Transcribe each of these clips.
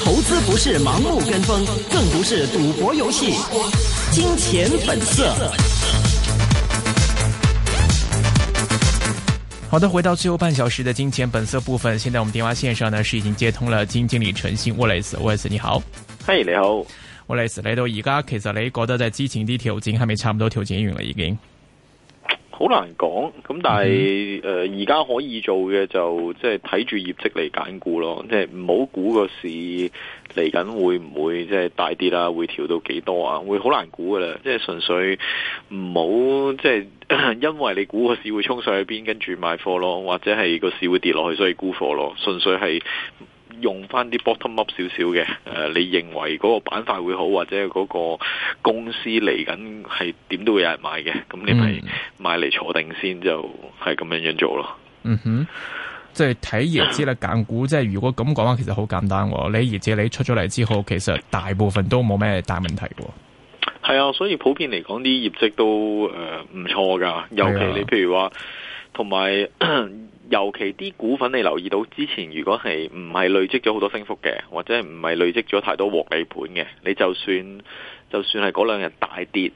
投資不是盲目跟風，更不是賭博遊戲。金錢本色。好的，回到最後半小時的金錢本色部分。現在我們電話線上呢是已經接通了金經理陳昕。Wallace，Wallace，你好。嘿，你好。Wallace，Hey, hello. 嚟到而家其實你覺得在之情啲條件係咪差唔多調整完了？已經？好難講，咁但係誒而家可以做嘅就即係睇住業績嚟揀股咯，即係唔好估個市嚟緊會唔會即係大跌啦，會調到幾多啊？會好難估噶啦，即係純粹唔好即係因為你估個市會衝上去邊，跟住買貨咯，或者係個市會跌落去，所以沽貨咯，純粹係。用翻啲 bottom up 少少嘅，誒、呃，你認為嗰個板塊會好，或者嗰個公司嚟緊係點都會有人買嘅，咁你咪買嚟坐定先，就係咁樣樣做咯。嗯哼，即係睇業績啦，揀股。即係如果咁講話，其實好簡單喎、哦。你業績你出咗嚟之後，其實大部分都冇咩大問題喎、哦。係啊，所以普遍嚟講啲業績都誒唔、呃、錯㗎，尤其你、啊、譬如話同埋。尤其啲股份你留意到之前，如果係唔係累積咗好多升幅嘅，或者唔係累積咗太多獲利盤嘅，你就算就算係嗰兩日大跌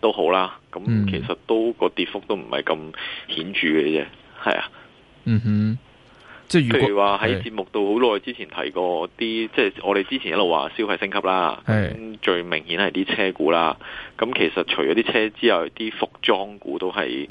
都好啦，咁其實都個跌幅都唔係咁顯著嘅啫，係啊，嗯哼，即係譬如話喺節目度好耐之前提過啲，即係的我哋之前一路話消費升級啦，咁的最明顯係啲車股啦，咁其實除咗啲車之外，啲服裝股都係。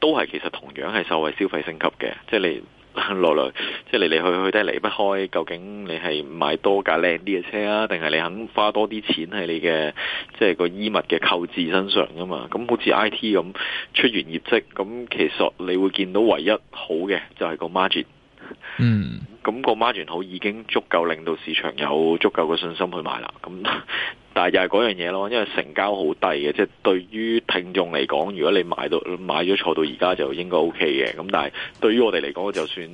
都係其實同樣係受惠消費升級嘅，即係你來來，即係嚟嚟去去都係離不開究竟你係買多架靚啲嘅車啊，定係你肯花多啲錢喺你嘅即係個衣物嘅購置身上啊嘛？咁好似 IT 咁出完業績，咁其實你會見到唯一好嘅就係個 margin。嗯、mm. mar，咁個 margin 好已經足夠令到市場有足夠嘅信心去買啦。咁。但又係嗰樣嘢咯，因為成交好低嘅，即係對於聽眾嚟講，如果你買到買咗錯到而家就應該 O K 嘅。咁但係對於我哋嚟講，就算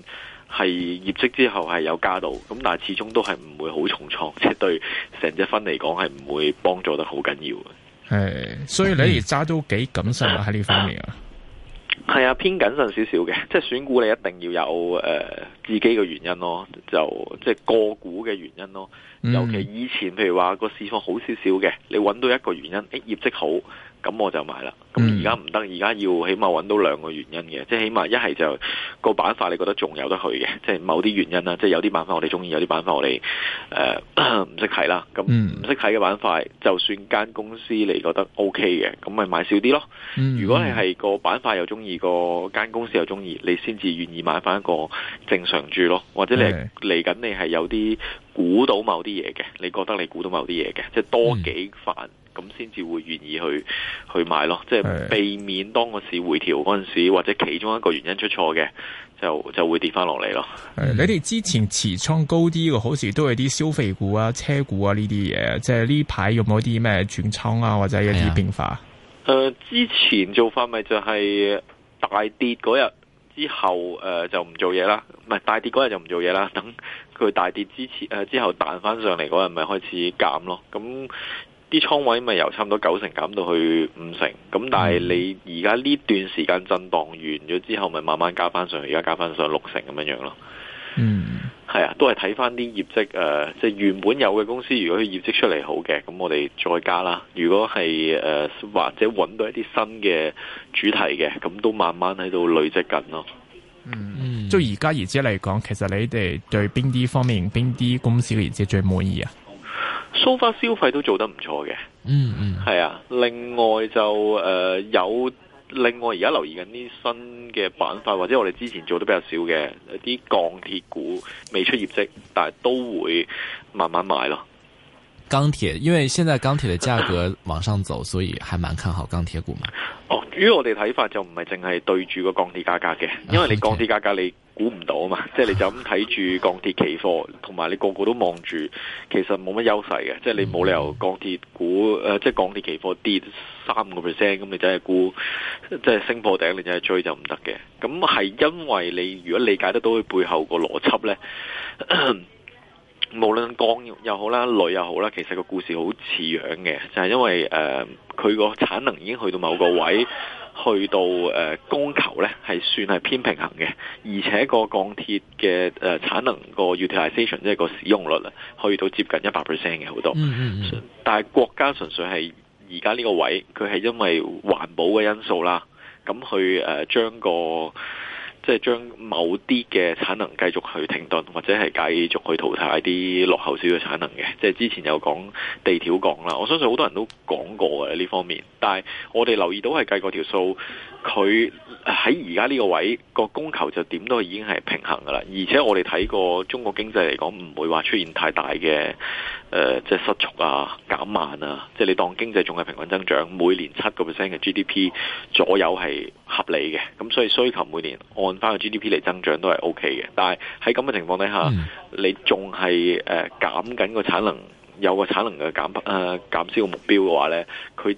係業績之後係有加到，咁但係始終都係唔會好重創，即係對成隻分嚟講係唔會幫助得好緊要嘅。係，所以你而家都幾謹慎喺呢方面啊？係啊，偏謹慎少少嘅，即係選股你一定要有誒、呃、自己嘅原因咯，就即係個股嘅原因咯。尤其以前譬如話個市況好少少嘅，你揾到一個原因，誒業績好。咁我就買啦。咁而家唔得，而家要起碼揾到兩個原因嘅，即係起碼一係就個板塊，你覺得仲有得去嘅，即係某啲原因、呃、咳咳啦。即係有啲板塊我哋中意，有啲板塊我哋誒唔識睇啦。咁唔識睇嘅板塊，就算間公司你覺得 OK 嘅，咁咪買少啲咯。嗯嗯、如果你係個板塊又中意個間公司又中意，你先至願意買翻一個正常住咯。或者你嚟緊，嗯、你係有啲估到某啲嘢嘅，你覺得你估到某啲嘢嘅，即係多幾份。嗯咁先至會願意去去買咯，即係避免當個市回調嗰陣時，或者其中一個原因出錯嘅，就就會跌翻落嚟咯。你哋之前持倉高啲嘅，好似都係啲消費股啊、車股啊呢啲嘢。即係呢排有冇啲咩轉倉啊，或者一啲變化？誒、呃，之前做法咪就係大跌嗰日之後，誒、呃、就唔做嘢啦，唔係大跌嗰日就唔做嘢啦。等佢大跌之前誒、呃、之後彈翻上嚟嗰日，咪開始減咯。咁、嗯啲倉位咪由差唔多九成減到去五成，咁但係你而家呢段時間震盪完咗之後，咪慢慢加翻上去，而家加翻上六成咁樣樣咯。嗯，係啊，都係睇翻啲業績誒，即、呃、係、就是、原本有嘅公司，如果佢業績出嚟好嘅，咁我哋再加啦。如果係誒、呃、或者揾到一啲新嘅主題嘅，咁都慢慢喺度累積緊咯。嗯，即係而家業績嚟講，其實你哋對邊啲方面、邊啲公司嘅業績最滿意啊？So far、消費都做得唔錯嘅。嗯，嗯嗯，係啊。另外就誒有、呃、另外而家留意緊啲新嘅板塊，或者我哋之前做得比較少嘅一啲鋼鐵股未出業績，但係都會慢慢買咯。鋼鐵，因為現在鋼鐵嘅價格往上走， 所以還蠻看好鋼鐵股嘛。哦，如我哋睇法就唔係淨係對住個鋼鐵價格嘅，因為你鋼鐵價格你。Okay. 估唔到啊嘛，即係你就咁睇住鋼鐵期貨，同埋你個個都望住，其實冇乜優勢嘅，即係你冇理由鋼鐵股誒、呃，即係鋼鐵期貨跌三個 percent，咁你真係估，即係升破頂，你真係追就唔得嘅。咁係因為你如果理解得到佢背後個邏輯呢。無論鋼又好啦，鋁又好啦，其實個故事好似樣嘅，就係、是、因為誒佢個產能已經去到某個位，去到誒供求咧係算係偏平衡嘅，而且個鋼鐵嘅誒、呃、產能個 utilization 即係個使用率啊，去到接近一百 percent 嘅好多，mm hmm. 但係國家純粹係而家呢個位，佢係因為環保嘅因素啦，咁去誒將個。即係將某啲嘅產能繼續去停頓，或者係繼續去淘汰啲落後少嘅產能嘅。即係之前有講地條鋼啦，我相信好多人都講過嘅呢方面。但係我哋留意到係計過條數，佢喺而家呢個位個供求就點都已經係平衡噶啦。而且我哋睇過中國經濟嚟講，唔會話出現太大嘅誒、呃，即係失速啊、減慢啊。即係你當經濟仲係平均增長，每年七個 percent 嘅 GDP 左右係合理嘅。咁所以需求每年按翻個 GDP 嚟增長都係 OK 嘅，但係喺咁嘅情況底下，嗯、你仲係誒減緊個產能，有個產能嘅減誒、呃、減少嘅目標嘅話咧，佢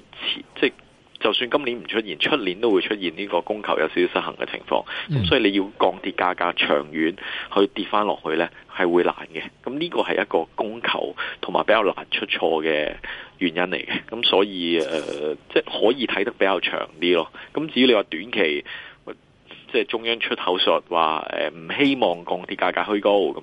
即係就算今年唔出現，出年都會出現呢個供求有少少失衡嘅情況。咁、嗯、所以你要降跌價格長遠去跌翻落去咧，係會難嘅。咁呢個係一個供求同埋比較難出錯嘅原因嚟嘅。咁所以誒、呃，即係可以睇得比較長啲咯。咁至於你話短期，即係中央出口術話，誒唔希望鋼鐵價格虛高，咁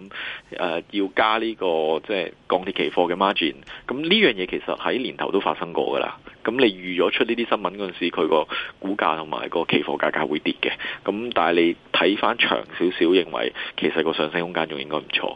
誒要加呢、呢個即係鋼鐵期貨嘅 margin。咁呢樣嘢其實喺年頭都發生過噶啦。咁你預咗出呢啲新聞嗰陣時，佢個股價同埋個期貨價格會跌嘅。咁但係你睇翻長少少，認為其實個上升空間仲應該唔錯。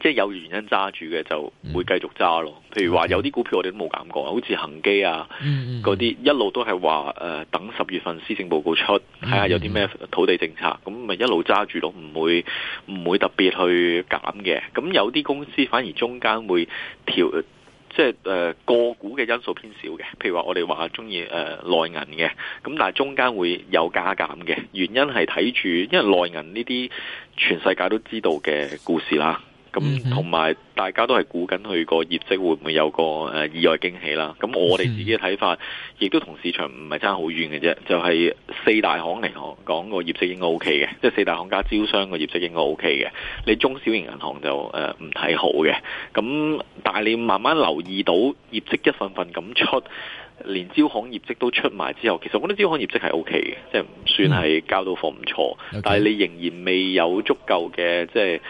即係有原因揸住嘅，就會繼續揸咯。譬如話有啲股票我哋都冇減過，好似恒基啊嗰啲一路都係話誒等十月份施政報告出，睇下，啊，有啲咩土地政策，咁咪一路揸住咯，唔會唔會特別去減嘅。咁有啲公司反而中間會調，即係誒個股嘅因素偏少嘅。譬如話我哋話鍾意誒內銀嘅，咁但係中間會有加減嘅，原因係睇住，因為內銀呢啲全世界都知道嘅故事啦。咁同埋大家都係估緊佢個業績會唔會有個誒意外驚喜啦。咁我哋自己嘅睇法，亦都同市場唔係差好遠嘅啫。就係、是、四大行嚟講，講個業績應該 O K 嘅，即係四大行加招商個業績應該 O K 嘅。你中小型銀行就誒唔睇好嘅。咁但係你慢慢留意到業績一份份咁出，連招行業績都出埋之後，其實我覺得招行業績係 O K 嘅，即係唔算係交到貨唔錯。嗯、但係你仍然未有足夠嘅即係。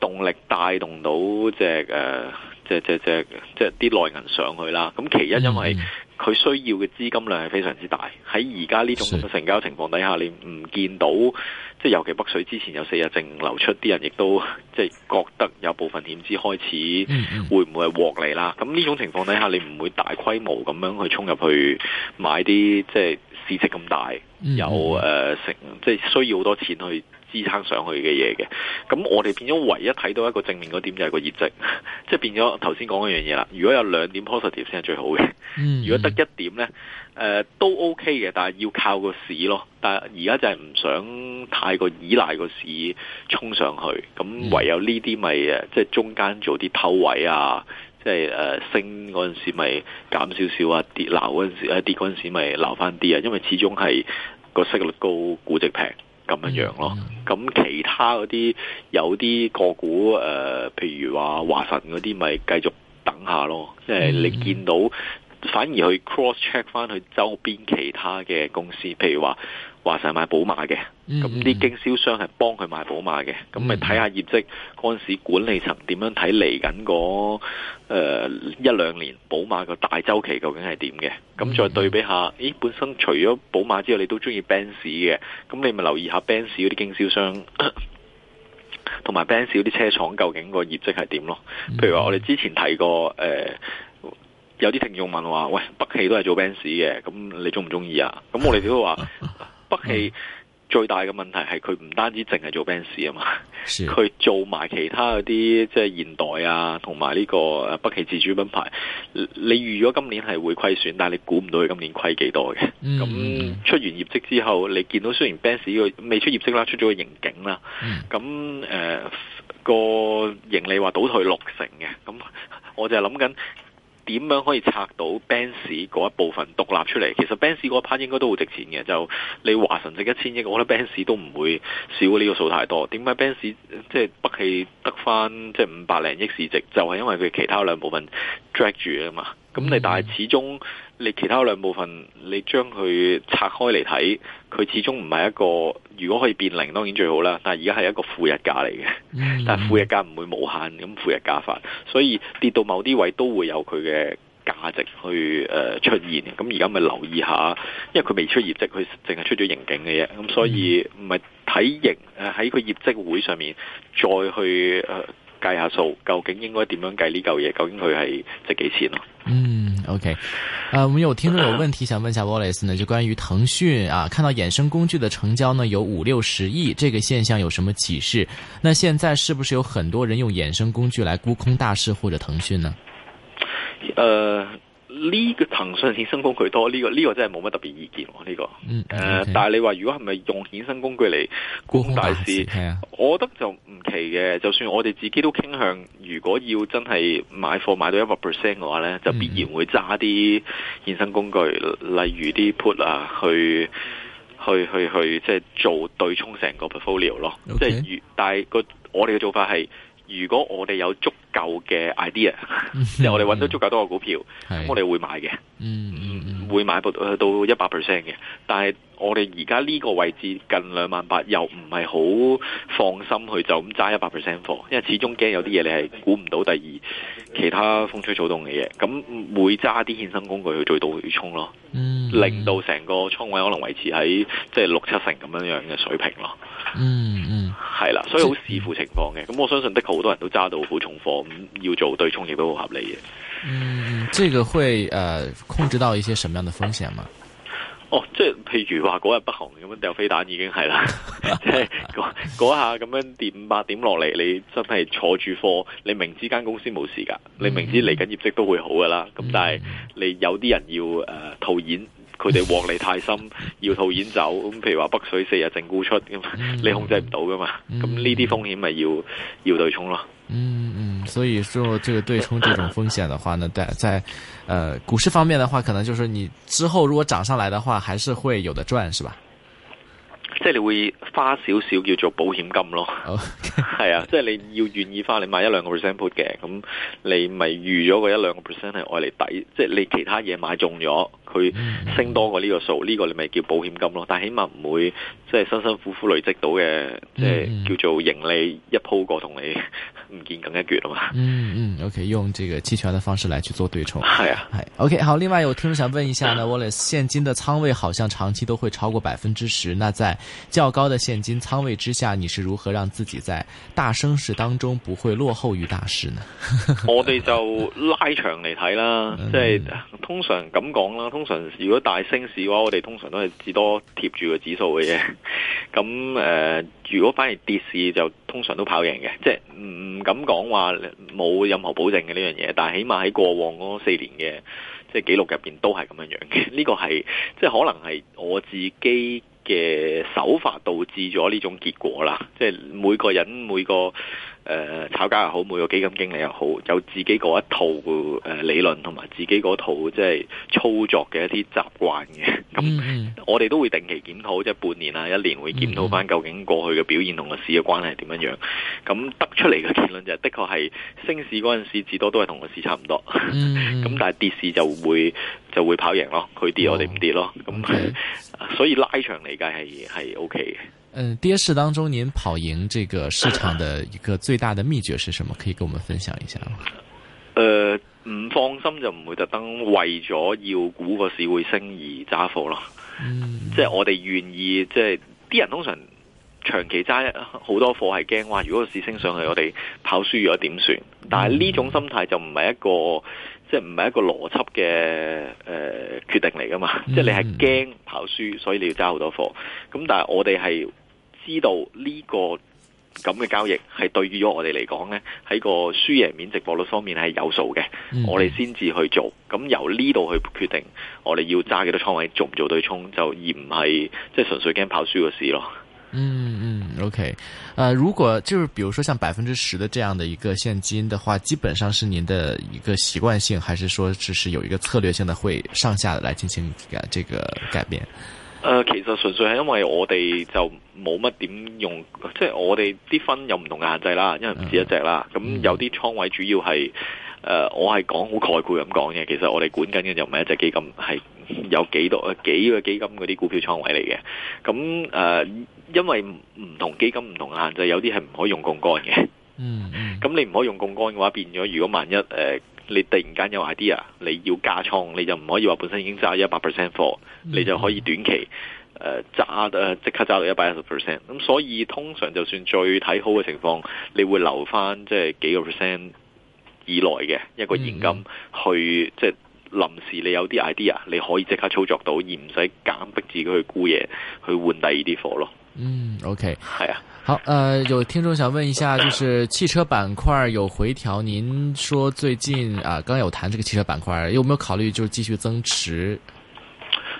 動力帶動到即係誒，即係即係即係啲內銀上去啦。咁其一，因為佢需要嘅資金量係非常之大。喺而家呢種咁嘅成交情況底下，是的 你唔見到即係尤其北水之前有四日淨流出，啲人亦都即係覺得有部分險資開始會唔會獲利啦。咁呢種情況底下，你唔會大規模咁樣去衝入去買啲即係市值咁大、有誒、呃、成即係需要好多錢去。支撐上去嘅嘢嘅，咁我哋變咗唯一睇到一個正面嗰點就係個業績， 即係變咗頭先講嗰樣嘢啦。如果有兩點 positive 先係最好嘅，mm hmm. 如果得一點呢，誒、呃、都 OK 嘅，但係要靠個市咯。但係而家就係唔想太過依賴個市衝上去，咁唯有呢啲咪誒，即係中間做啲偷位啊，即、就、係、是呃、升嗰陣時咪減少少啊，跌撈嗰陣時跌嗰陣時咪撈翻啲啊，因為始終係個息率高，估值平。咁樣樣咯，咁、mm hmm. 其他嗰啲有啲個股誒、呃，譬如話華晨嗰啲，咪繼續等下咯，即係你見到。反而去 cross check 翻去周邊其他嘅公司，譬如話華晨係買寶馬嘅，咁啲、嗯、經銷商係幫佢買寶馬嘅，咁咪睇下業績嗰陣時管理層點樣睇嚟緊嗰誒一兩年寶馬個大周期究竟係點嘅？咁再對比下，嗯、咦，本身除咗寶馬之外，你都中意 Benz 嘅？咁你咪留意下 Benz 嗰啲經銷商，同 埋 Benz 嗰啲車廠究竟個業績係點咯？譬如話我哋之前睇過誒。呃有啲聽眾問話，喂，北汽都係做 Benz 嘅，咁你中唔中意啊？咁我哋都話， 北汽最大嘅問題係佢唔單止淨係做 Benz 啊嘛，佢的做埋其他嗰啲，即係現代啊，同埋呢個北汽自主品牌。你預咗今年係會虧損，但係你估唔到佢今年虧幾多嘅。咁、嗯、出完業績之後，你見到雖然 Benz 個未出業績啦，出咗個盈警啦，咁誒、嗯呃嗰個盈利話倒退六成嘅，咁我就係諗緊。點樣可以拆到 banks 嗰一部分獨立出嚟？其實 banks 嗰 part 應該都好值錢嘅，就你華晨值一千億，我覺得 banks 都唔會少呢個數太多。點解 banks 即係北氣得返即係五百零億市值？就係、是、因為佢其他兩部分 drag 住啊嘛。咁你、嗯、但係始終你其他兩部分，你將佢拆開嚟睇，佢始終唔係一個，如果可以變零，當然最好啦。但係而家係一個負日價嚟嘅，但係負日價唔會無限咁負日價法，所以跌到某啲位都會有佢嘅價值去誒、呃、出現。咁而家咪留意下，因為佢未出業績，佢淨係出咗盈警嘅啫。咁所以唔係睇盈誒喺佢業績會上面再去誒。計下數，究竟應該點樣計呢嚿嘢？究竟佢係值幾錢咯？嗯，OK，啊、uh,，我有聽眾有問題想問一下 Wallace 呢，就關於騰訊啊，看到衍生工具的成交呢有五六十億，這個現象有什麼啟示？那現在是不是有很多人用衍生工具來沽空大市或者騰訊呢？呃。Uh, 呢個騰訊衍生工具多，呢、這個呢、這個真係冇乜特別意見喎。呢、這個，誒、嗯 okay. 呃，但係你話如果係咪用衍生工具嚟沽空大市？係啊，我覺得就唔奇嘅。就算我哋自己都傾向，如果要真係買貨買到一百 percent 嘅話咧，就必然會揸啲衍生工具，嗯、例如啲 put 啊，去去去去，去，即係做對沖成個 portfolio 咯。即係越，但係個我哋嘅做法係。如果我哋有足夠嘅 idea，即係我哋揾到足夠多嘅股票，咁是我哋會買嘅，mm hmm. 嗯，會買到一百 percent 嘅。但係我哋而家呢個位置近兩萬八，又唔係好放心去就咁揸一百 percent 貨，for, 因為始終驚有啲嘢你係估唔到，第二其他風吹草動嘅嘢，咁會揸啲衍生工具去做倒沖咯，嗯、mm，hmm. 令到成個倉位可能維持喺即係六七成咁樣樣嘅水平咯，嗯嗯、mm。Hmm. Mm hmm. 係啦，所以好視乎情況嘅。咁我相信的確好多人都揸到好重貨，咁要做對沖亦都好合理嘅。嗯，這個會誒、呃、控制到一些什麼樣的風險嗎？哦，即係譬如話嗰日北韓咁樣掉飛彈已經係啦，即係嗰嗰下咁樣跌五百點落嚟，你真係坐住貨，你明知間公司冇事噶，你明知嚟緊業績都會好噶啦。咁但係你有啲人要誒套現。呃佢哋獲利太深，要套現走，咁譬如話北水四日淨沽出，咁、嗯、 你控制唔到㗎嘛？咁呢啲風險咪要、嗯、要對沖咯。嗯嗯，所以說，這個對沖這種風險的話，呢但 在，誒、呃、股市方面的話，可能就是你之後如果漲上來的話，還是會有得賺，是吧？即係你會花少少叫做保險金咯，係、oh, okay. 啊，即係你要願意花，你買一兩個 percent put 嘅，咁你咪預咗個一兩個 percent 係愛嚟抵，即係你其他嘢買中咗，佢升多過呢個數，呢、mm hmm. 個你咪叫保險金咯。但係起碼唔會即係辛辛苦苦累積到嘅，即係、mm hmm. 叫做盈利一鋪過同你唔見咁一橛啊嘛。嗯嗯、mm hmm.，OK，用呢個期權嘅方式嚟去做對沖，係啊，係。OK，好，另外有聽眾想問一下呢 Wallace 現金的倉位好像長期都會超過百分之十，那在較高的現金倉位之下，你是如何讓自己在大升市當中不會落後於大市呢？ 我哋就拉長嚟睇啦，即係、 就是、通常咁講啦。通常如果大升市嘅話，我哋通常都係至多貼住個指數嘅啫。咁 誒、嗯呃，如果反而跌市就通常都跑贏嘅，即係唔敢講話冇任何保證嘅呢樣嘢。但係起碼喺過往嗰四年嘅即係記錄入邊都係咁樣樣嘅。呢、這個係即係可能係我自己。嘅手法導致咗呢種結果啦，即係每個人每個。誒炒家又好，每個基金經理又好，有自己嗰一套誒理論，同埋自己嗰套即係操作嘅一啲習慣嘅。咁 我哋都會定期檢討，即係半年啊、一年會檢討翻，究竟過去嘅表現同個市嘅關係係點樣樣。咁 得出嚟嘅結論就係，的確係升市嗰陣時，至多都係同個市差唔多。咁 但係跌市就會就會跑贏咯，佢跌我哋唔跌咯。咁 Okay. 所以拉長嚟計係係 O K 嘅。嗯，跌、呃、市當中，您跑贏這個市場的一個最大的秘訣是什麼？可以跟我們分享一下？誒、呃，唔放心就唔會特登為咗要估個市會升而揸貨咯。嗯、即係我哋願意，即係啲人通常長期揸好多貨係驚話，如果個市升上去，我哋跑輸咗點算？但係呢種心態就唔係一個。即係唔係一個邏輯嘅誒決定嚟㗎嘛？即係你係驚跑輸，所以你要揸好多貨。咁但係我哋係知道呢、這個咁嘅交易係對於咗我哋嚟講呢，喺個輸贏面值博率方面係有數嘅，嗯、我哋先至去做。咁由呢度去決定我哋要揸幾多倉位，做唔做對沖，就而唔係即係純粹驚跑輸嘅事咯。嗯嗯，OK，啊、呃，如果就是，比如說像百分之十的這樣的一個現金的話，基本上是您的一個習慣性，還是說只是有一個策略性的會上下的來進行這個改變？誒、呃，其實純粹係因為我哋就冇乜點用，即、就、係、是、我哋啲分有唔同嘅限制啦，因為唔止一隻啦，咁、嗯、有啲倉位主要係。誒，uh, 我係講好概括咁講嘅，其實我哋管緊嘅又唔係一隻基金，係有幾多幾個基金嗰啲股票倉位嚟嘅。咁誒，uh, 因為唔同基金唔同限制，有啲係唔可以用槓桿嘅。嗯、mm，咁、hmm. 你唔可以用槓桿嘅話，變咗如果萬一誒，uh, 你突然間有 idea，你要加倉，你就唔可以話本身已經揸一百 percent 貨，你就可以短期誒揸誒即刻揸到一百一十 percent。咁所以通常就算最睇好嘅情況，你會留翻即係幾個 percent。以來嘅一個現金、嗯、去，即係臨時你有啲 idea，你可以即刻操作到，而唔使揀，逼自己去沽嘢去換第二啲貨咯。嗯，OK，係啊，好，誒、呃，有聽眾想問一下，就是汽車板塊有回調，您說最近啊，剛、呃、有談這個汽車板塊，有冇有考慮就繼續增持？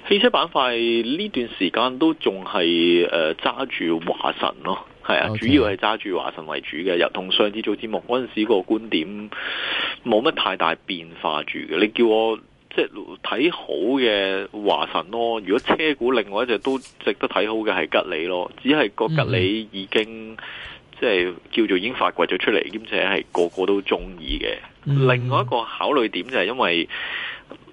汽車板塊呢段時間都仲係誒揸住華晨咯。係啊，Okay. 主要係揸住華晨為主嘅，又同上次做節目嗰陣時個觀點冇乜太大變化住嘅。你叫我即係睇好嘅華晨咯，如果車股另外一隻都值得睇好嘅係吉利咯，只係個吉利已經、嗯、即係叫做已經發掘咗出嚟，兼且係個個都中意嘅。另外一個考慮點就係因為。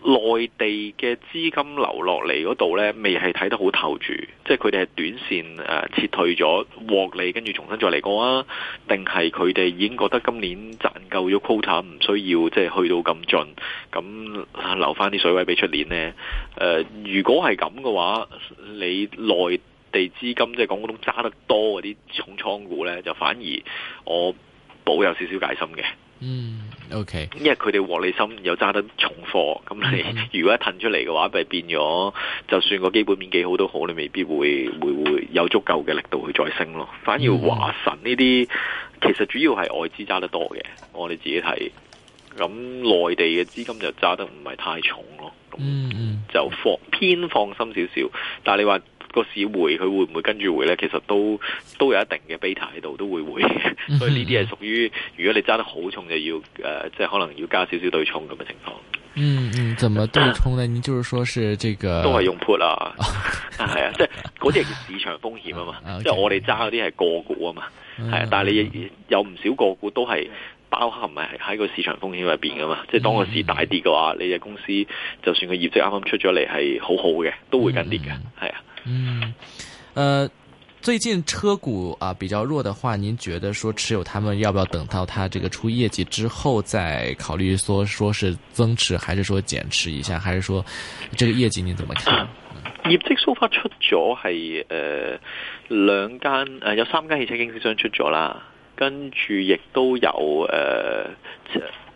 內地嘅資金流落嚟嗰度呢，未係睇得好透住，即係佢哋係短線誒撤退咗獲利，跟住重新再嚟過啊？定係佢哋已經覺得今年賺夠咗 quota，唔需要即係去到咁盡，咁留翻啲水位俾出年呢？誒、呃，如果係咁嘅話，你內地資金即係講嗰種揸得多嗰啲重倉股呢，就反而我保有少少戒心嘅。嗯。OK，因為佢哋獲利心又揸得重貨，咁你如果一騰出嚟嘅話，咪變咗就算個基本面幾好都好，你未必會會，會有足夠嘅力度去再升咯。反而華晨呢啲其實主要係外資揸得多嘅，我哋自己睇，咁內地嘅資金就揸得唔係太重咯，嗯，就放偏放心少少，但係你話。個市回佢會唔會跟住回呢？其實都都有一定嘅 beta 喺度，都會回。所以呢啲係屬於，如果你揸得好重，就要誒、呃，即係可能要加少少對沖咁嘅情況。嗯嗯，怎麼對沖呢？ 你就是說是這個都係用 put 啊，係 啊，即係嗰啲叫市場風險啊嘛。嗯、哼即係我哋揸嗰啲係個股啊嘛，係啊。但係你有唔少個股都係包含係喺個市場風險入邊噶嘛。即係當個市大跌嘅話，你嘅公司就算個業績啱啱出咗嚟係好好嘅，都會跟跌嘅，係啊、嗯哼。嗯嗯，誒、呃，最近車股啊比較弱的話，您覺得說持有他們要不要等到他這個出業績之後再考慮說，說是增持還是說減持一下，還是說，這個業績你怎麼看？啊、業績 so far 出咗係誒兩間誒、呃、有三間汽車經銷商出咗啦，跟住亦都有誒、呃、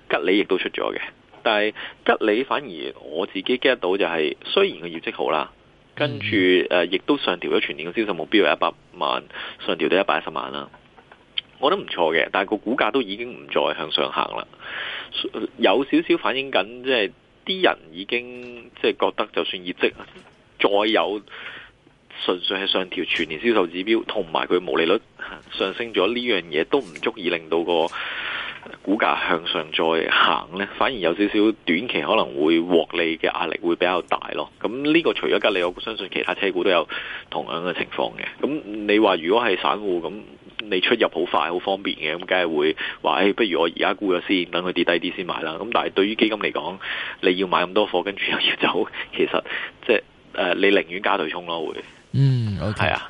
吉利亦都出咗嘅，但係吉利反而我自己 get 到就係雖然個業績好啦。跟住誒，亦、呃、都上調咗全年嘅銷售目標為一百萬，上調到一百一十萬啦。我覺得唔錯嘅，但係個股價都已經唔再向上行啦。有少少反映緊，即係啲人已經，即係覺得，就算業績再有純粹係上調全年銷售指標同埋佢毛利率上升咗呢樣嘢，都唔足以令到個股價向上再行呢，反而有少少短期可能會獲利嘅壓力會比較大咯。咁呢個除咗吉利，我相信其他車股都有同樣嘅情況嘅。咁你話如果係散戶，咁你出入好快，好方便嘅，咁梗係會話，誒、哎，不如我而家沽咗先，等佢跌低啲先買啦。咁但係對於基金嚟講，你要買咁多貨，跟住又要走，其實即係、呃、你寧願加對沖咯，會，嗯，係、okay. 啊。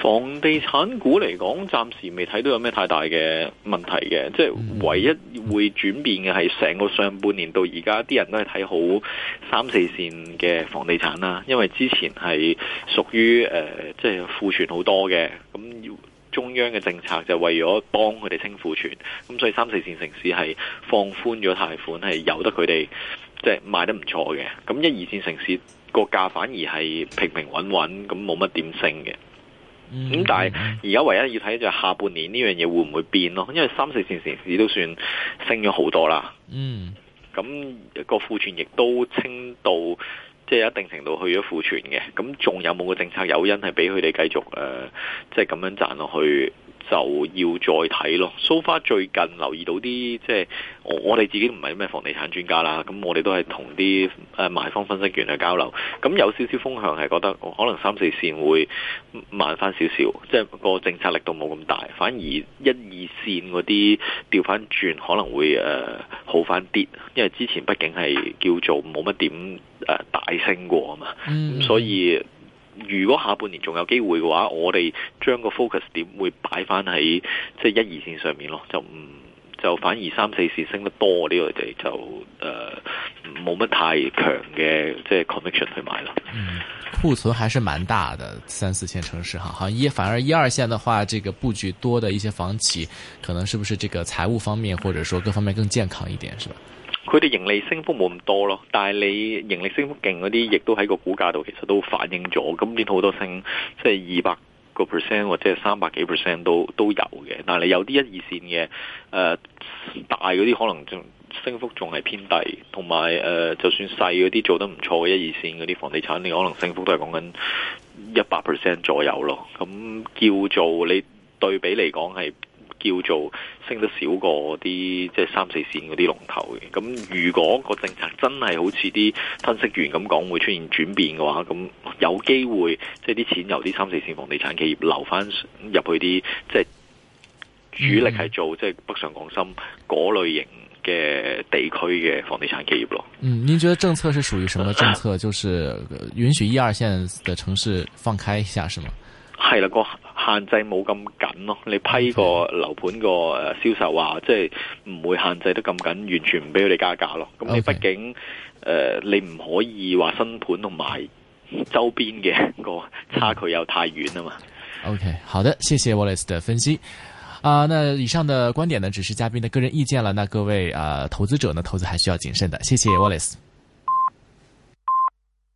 房地產股嚟講，暫時未睇到有咩太大嘅問題嘅，即係唯一會轉變嘅係成個上半年到而家，啲人都係睇好三四線嘅房地產啦。因為之前係屬於誒，即係庫存好多嘅，咁中央嘅政策就為咗幫佢哋清庫存，咁所以三四線城市係放寬咗貸款，係由得佢哋即係賣得唔錯嘅。咁一二線城市個價反而係平平穩穩，咁冇乜點升嘅。咁、嗯、但係而家唯一要睇就係下半年呢樣嘢會唔會變咯，因為三四線城市都算升咗好多啦。嗯，咁個庫存亦都清到，即係一定程度去咗庫存嘅。咁仲有冇個政策誘因係俾佢哋繼續誒，即係咁樣賺落去？就要再睇咯。So far，最近留意到啲，即係我我哋自己唔係咩房地產專家啦。咁我哋都係同啲誒賣方分析員去交流。咁有少少風向係覺得，可能三四線會慢翻少少，即係個政策力度冇咁大。反而一二線嗰啲調翻轉可能會誒好翻啲，因為之前畢竟係叫做冇乜點誒大升過啊嘛。咁、mm. 所以。如果下半年仲有機會嘅話，我哋將個 focus 點會擺翻喺即係一二線上面咯，就唔就反而三四線升得多啲，我哋就誒冇乜太強嘅即係 conviction 去買咯。嗯，庫存還是蠻大的，三四線城市哈，好一反而一二線的話，這個布局多的一些房企，可能是不是這個財務方面，或者說各方面更健康一點，是吧？佢哋盈利升幅冇咁多咯，但係你盈利升幅勁嗰啲，亦都喺個股價度其實都反映咗。今年好多升，即係二百個 percent 或者係三百幾 percent 都都有嘅。但係你有啲一二線嘅，誒、呃、大嗰啲可能就升幅仲係偏低，同埋誒就算細嗰啲做得唔錯嘅一二線嗰啲房地產你可能升幅都係講緊一百 percent 左右咯。咁叫做你對比嚟講係。叫做升得少過啲即係三四線嗰啲龍頭嘅，咁如果個政策真係好似啲分析員咁講會出現轉變嘅話，咁有機會即係啲錢由啲三四線房地產企業流翻入去啲即係主力係做即係、嗯、北上廣深嗰類型嘅地區嘅房地產企業咯。嗯，您覺得政策是屬於什麼政策？就是允許一二線嘅城市放開一下，是嗎？係啦啩。限制冇咁緊咯，你批個樓盤個銷售啊，即係唔會限制得咁緊，完全唔俾佢哋加價咯。咁你畢竟誒 Okay.、呃，你唔可以話新盤同埋周邊嘅個差距又太遠啊嘛。OK，好的，謝謝 Wallace 嘅分析啊、呃。那以上的觀點呢，只是嘉賓的個人意見啦。那各位啊、呃，投資者呢，投資還需要謹慎的。謝謝 Wallace。